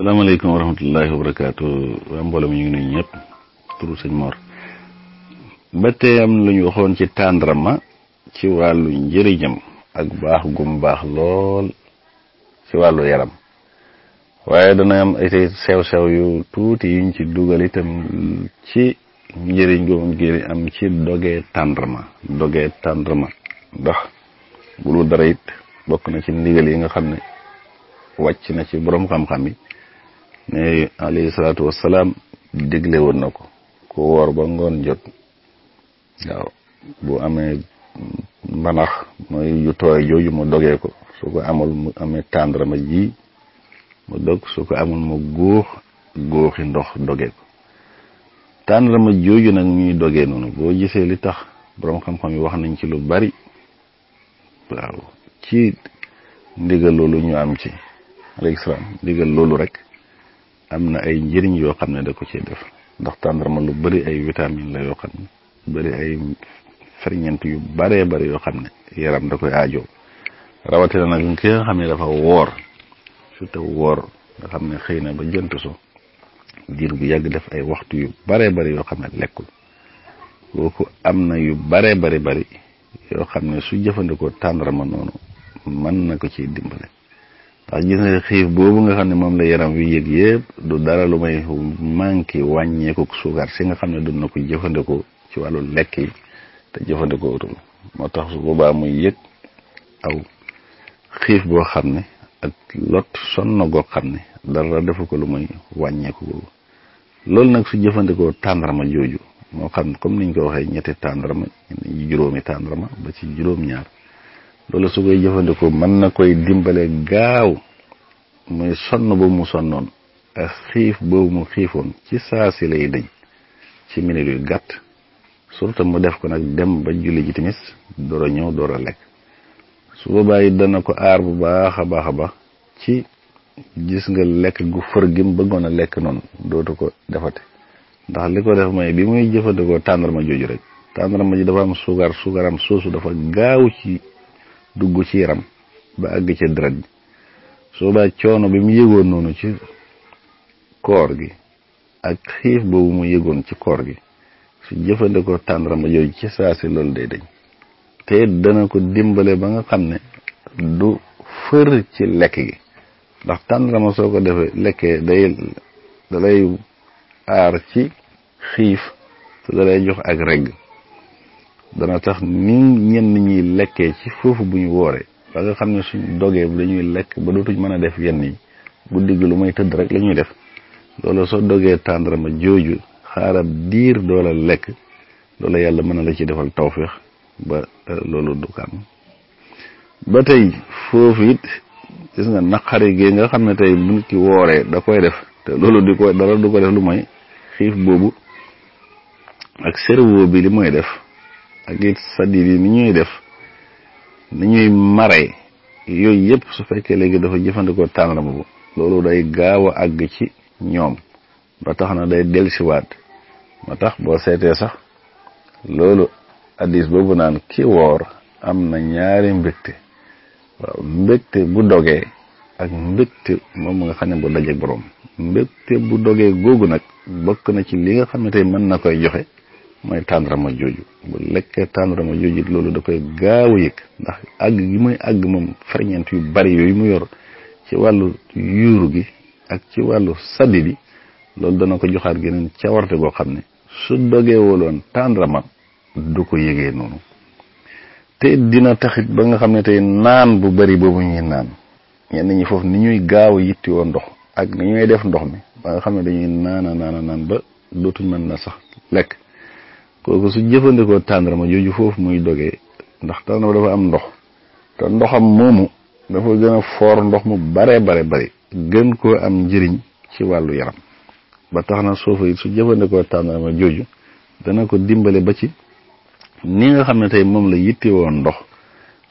salaamaaleykum wa rahmatullahi wa barakaatu waa mbooloo mi ñu ngi nuyu ñëpp turu sëñ Mor am lu ñu waxoon ci tàndarma ci wàllu njëriñam ak baax gum baax lool ci wàllu yaram waaye dana am ay sew-sew yu tuuti yuñ ci dugal itam ci njëriñ goom gi am ci doge tàndarma dogee tàndarma ndax bu dara it bokk na ci ndigal yi nga xam ne wàcc na ci borom xam-xam yi ne alayhi salaatu wassalaam digle woon na ko ku ba ngoon jot waaw bu amee mbanax mooy yu tooy jooju mu dogee ko su ko amul mu amee tàndarama ji ma dog su amul mu góox góoxi ndox dogee ko tàndarama jooju nag ñuy doge noonu boo gisee li tax boroom xam-xam yi wax nañ ci lu bari waaw ci ndigal loolu ñu am ci alayhi salaam ndigal loolu rek amna ay njëriñ yoo xam ne da ko cee def ndax tàndarma lu bëri ay vitamine la yoo xam ne bëri ay ferñent yu bare bare yoo xam ne yaram da koy aajoo rawatina nag ki nga xam ne dafa woor surtout woor nga xam ne xëy na ba jënt so diir bu yàgg def ay waxtu yu bare bare yoo xam ne lekkul kooku am na yu bare bare bari yoo xam ne su jëfandikoo tàndarma noonu mën na ko ci dimbale ndax gis nga xiif boobu nga xam ne moom la yaram wi yëg yëpp du dara lu may manqué wàññeeku suukar si nga xam ne doon na ko jëfandikoo ci wàllu lekk yi te jëfandikoo wutum moo tax su boobaa muy yëg aw xiif boo xam ne ak lot sonn goo xam ne dara defu ko lu muy wàññeeku boobu loolu nag su jëfandikoo ma jooju moo xam comme niñ ko waxee ñetti tàndarma juróomi tàndarma ba ci juróom-ñaar loolu su koy jëfandikoo man na koy dimbale gaaw muy sonn boobu mu sonnoon ak xiif boobu mu xiifoon ci saa si lay ci minit yu gàtt surtout mu def ko nag dem ba julli ji timis door a ñëw door a lekk su boobaa it dana ko aar bu baax a baax a baax ci gis nga lekk gu fër gim bëggoon a lekk noonu dootu ko defate ndax li ko def mooy bi muy jëfandikoo ma jooju rek ma ji dafa am suukar am soosu dafa gaaw ci dugg ci yaram ba àgg ca deret ji soobaa coono bi mu yëgoon noonu ci koor gi ak xiif boobu mu yëgoon ci koor gi su jëfandikoo tàndarama yooyu ci saasi loolu day dañ te dana ko dimbale ba nga xam ne du fër ci lekk gi ndax tàndarama soo ko defee lekkee day dalay aar ci xiif te dalay jox ak regg dana tax ni ñenn ñi lekkee ci foofu bu ñu wooree ba nga xam ne suñ dogee dañuy lekk ba dootuñ mën a def yenn yi guddi gi lu may tëdd rek la def loolu soo dogee tàndarama jooju xaaral diir doola lekk loola yàlla mën na la ci defal tawféex ba loolu du kan ba tey foofu it gis nga naqari gi nga xam ne tey bu nit ki wooree da koy def te loolu di ko dara du ko def lu may xiif boobu ak cerveau bi li mooy def ak it sadir yi ni ñuy def ni ñuy mare yoy yépp su fekkee légui dafa jëfandikoo tàndaram bu lolu day gaaw a ci ñom ba tax na day wat ma tax bo sété sax lolu hadis naan ki wor am na ñaari mbégte waaw mbégte bu dogé ak mbégte moom nga xam bu dajé borom mbégte bu dogé gogu nak bokk na ci li nga mooy tàndarma jooju bu lekkee tàndarma jooju loolu da koy gaaw a yëg ndax àgg gi ag àgg moom ferñeent yu bari yooyu mu yor ci wàllu yuuru gi ak ci wàllu saddi bi loolu dana ko joxaat geneen cawarte goo xam ne su dogee woloon tàndarma du ko yëgee noonu te dina taxit ba nga xam ne te naan bu bari boobu ñuy naan ñenn ñi foofu ni ñuy gaaw a yitti woo ndox ak ni ñuy def ndox mi ba nga xam ne dañuy naana naan ba dootuñ mën na sax lekk kooku su jëfandikoo tàndarma jooju foofu muy doge ndax tàndarma dafa am ndox te ndoxam moomu dafa gën a foor ndox mu bare bare bare gën koo am njëriñ ci wàllu yaram ba tax na soofa it su jëfandikoo tàndarma jooju dana ko dimbale ba ci ni nga xam ne tey moom la yittewoo ndox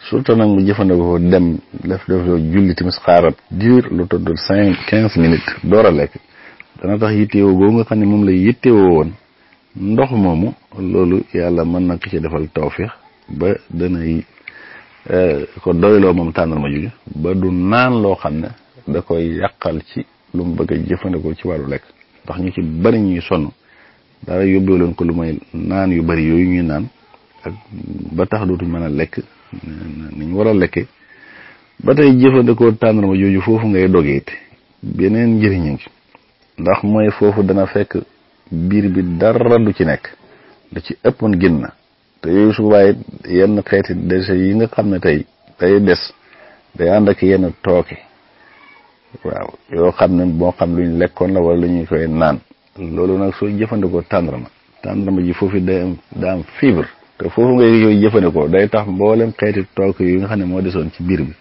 surtout nag mu jëfandikoo dem def def julli timis xaaral du lu toddul cinq quinze minutes door a lekk dana tax yittewoo boobu nga xam ne moom la yittewoo woon ndox moomu loolu yàlla mën na ko ci defal tawféex ba danay eh, ko doyloo moom tànnal ma juge ba du naan loo xam ne da koy yàqal ci lu mu bëgg jëfandikoo ci wàllu lekk ndax ñu ci bari ñuy sonn dara yóbbee leen ko lu may naan yu bari yooyu ñuy naan ak ba tax dootuñ mën a lekk ni ñu war a lekkee ba tey jëfandikoo tàndarma jooju foofu ngay dogeete beneen njëriñu ci ndax mooy foofu dana fekk biir bi dara lu ci nekk lu ci ëppoon génn na te yooyu su yenn xeeti dese yi nga xam ne tey day des day ànd ak yenn tooke waaw yoo xam ne boo xam luñ lekkoon la wala lu ñuy koy naan loolu nag soo jëfandikoo tàndarma tàndarma ji foofu day am daa am fibre te foofu nga koy jëfandikoo day tax mboolem xeeti tooke yi nga xam ne moo desoon ci biir bi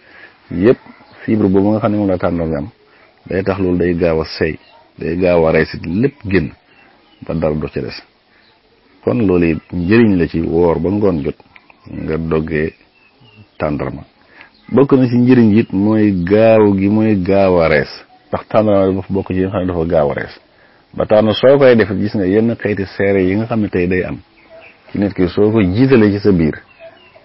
yëpp fibre boobu nga xam ne moom la tàndarma am day tax loolu day gaaw a sey day gaaw a rey si génn te dara du ci des kon loolu it njëriñ la ci woor ba ngoon jot nga doggee tàndarma bokk na ci njëriñ it mooy gaaw gi mooy gaaw a rees ndax tàndarma dafa bokk ci yi nga xam ne dafa gaaw a rees ba tax na soo koy def gis nga yenn xeeti seere yi nga xam ne tey day am ci nit ki soo ko jiitalee ci sa biir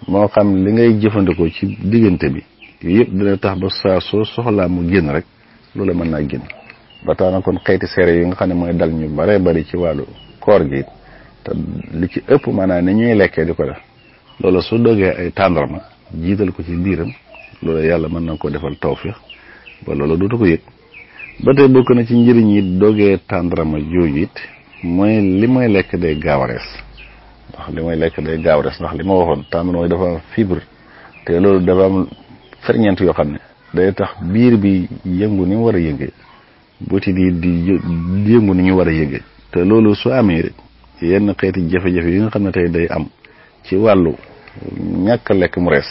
moo xam li ngay jëfandikoo ci diggante bi yooyu yëpp dina tax ba saa soo soxlaa mu génn rek loola mën naa génn ba na kon xeyti sere yi nga xam moy dal ñu bare bari ci walu koor gi te li ci ëpp manana ni ñuy lekkee diko def loolu su dogee ay tandarma jital ko ci mbiram loolu yalla mën na ko defal tawfiq ba loolu dutu ko yit ba tay bokk na ci njëriñ yi dogee tandarma jooju moy mooy li may lekk day gaaw ndax li may lekk day li ma dafa fibre te loolu dafa am yo day tax biir bi yëngu ni wara butit yi di yëngu ni ñu war a yëge te loolo su amee rek yenn xeeti jafe-jafe yi nga xam ne tey day am ci wàllu ñàkk lekk mu rees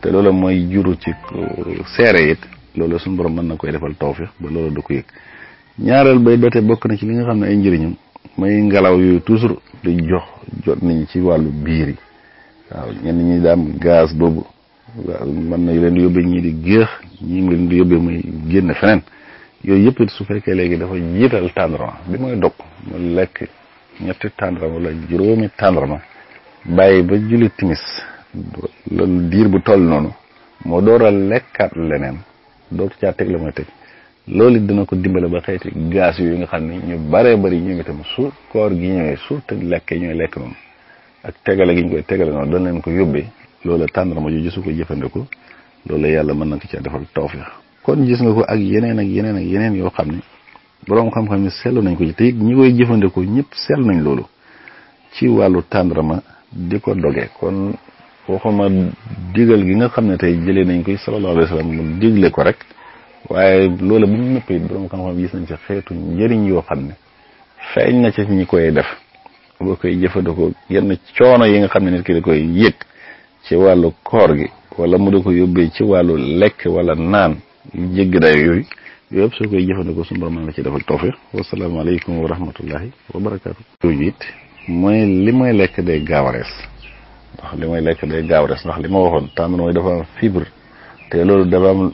te loolo mooy juru ci uh, seere it loolu suñu borom mën na koy defal tawfeex ba loolu du yëg ñaareel bay dote bokk na ci li nga xam ne ay njëriñam mooy ngelaw yu toujours di jox jot nañ ci wàllu biir yi waaw ñenn ñi daam gaz boobu mën na leen di yóbbee ñii di géex ñii leen di yóbbee muy génn feneen yooyu yëpp it su fekkee léegi dafa jiital tàndarma bi mooy dog mu lekk ñetti tàndarma wala juróomi tàndarma bàyyi ba julli timis loolu diir bu toll noonu moo dooral lekkaat leneen dootu caa teg mooy teg loolu it dina ko dimbale ba xeeti gaz yu nga xam ne ñu baree bari ñu ñoom itam su koor gi ñëwee su te lekkee ñooy lekk noonu ak tegale gi ñu koy tegale noonu dañ leen ko yóbbee loolu tàndarma ju gisu ko jëfandiku loolu yàlla mën na ko caa defal tawfeex kon gis nga ko ak yeneen ak yeneen ak yeneen yoo xam ne boroom xam-xam yi nañ ko ci te ñi koy jëfandikoo ñëpp seetlu nañ loolu ci wàllu tàndarma di ko doge kon waxuma digal gi nga xam ne tey jëlee nañ koy sallallahu alayhi wa mu digle ko rek waaye loolu bu ñu nëppee boroom xam-xam gis nañ ci xeetu njëriñ yoo xam ne feeñ na ci ñi koy def boo koy jëfandikoo genn coono yi nga xam ne nit ki di koy yëg ci wàllu koor gi wala mu da ko yóbbee ci wàllu lekk wala naan yu jéggi dayo yooyu yooyu yëpp soo koy jëfandikoo suñu borom mën na ci defal tawfiq wasalaamaaleykum wa rahmatullahi wa barakaatu jooju it mooy li may lekk day gaaw a rees ndax li may lekk day gaaw a rees ndax li ma waxoon tànn mooy dafa am te loolu dafa am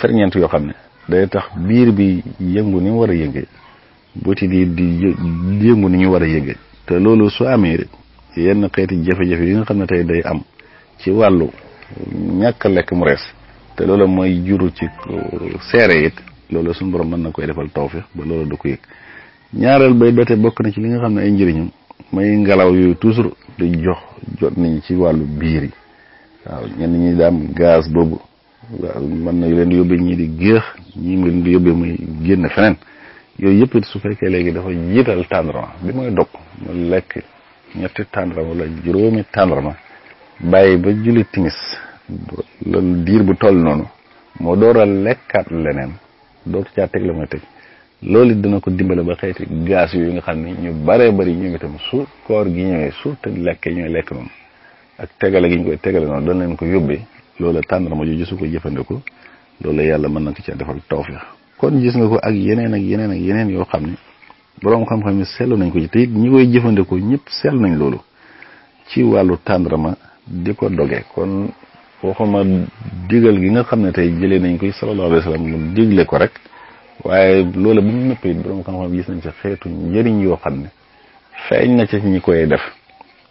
ferñeent yoo xam ne day tax biir bi yëngu ni mu war a yëngee buti di di yëngu ni ñu war a yëngee te loolu su amee yenn xeeti jafe-jafe yi nga xam ne tey day am ci wàllu ñàkk lekk mu rees te loola mooy juru ci seere it loola suñu borom mën na koy defal tawfeex ba loola du ko yëg ñaareel bay bokk na ci li nga xam ne ay njëriñam mooy ngelaw yooyu toujours di jox jot nañ ci wàllu biir yi waaw ñenn ñi daam gaz boobu mën na leen di yóbbee ñii di géex ñii muy génn feneen yooyu yëpp su fekkee léegi dafa jiital tàndarma bi mooy dog mu lekk ñetti tàndarma wala juróomi ma bàyyi ba julli timis loolu diir bu toll noonu moo door a lekkaat leneen dootu caa teg la teg loolu dina ko dimbale ba xeeti gaz yooyu nga xam ne ñu baree bari ñoom itam su koor gi ñëwee su te lekkee ñooy lekk ak tegale gi ñu koy tegale doon leen ko yóbbee loolu tàndarma jooju su ko jëfandiku loolu yàlla mën na ko ci defal tawfiq kon gis nga ko ak yeneen ak yeneen ak yeneen yoo xam ne boroom xam-xam yi seetlu nañ ko ci te ñu ñi koy jëfandikoo ñëpp seetlu nañ loolu ci wàllu tàndarma di ko doge kon waxuma digal gi nga xam ne tey jëlee nañ koy sallallahu alayhi wa sallam digle ko rek waaye loole bu mu nëpp it borom xam-xam gis nañ ci xeetu njëriñ yoo xam ne feeñ na ci ñi koy def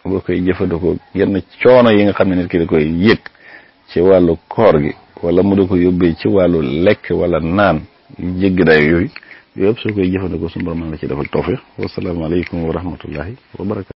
boo koy jëfandikoo genn coono yi nga xam ne nit ki da koy yëg ci wàllu koor gi wala mu da ko yóbbee ci wàllu lekk wala naan yu jéggi day yooyu yooyu yëpp soo koy jëfandikoo suñu borom la ci defal tawfiq wasalaamaaleykum wa rahmatullahi wa barakatu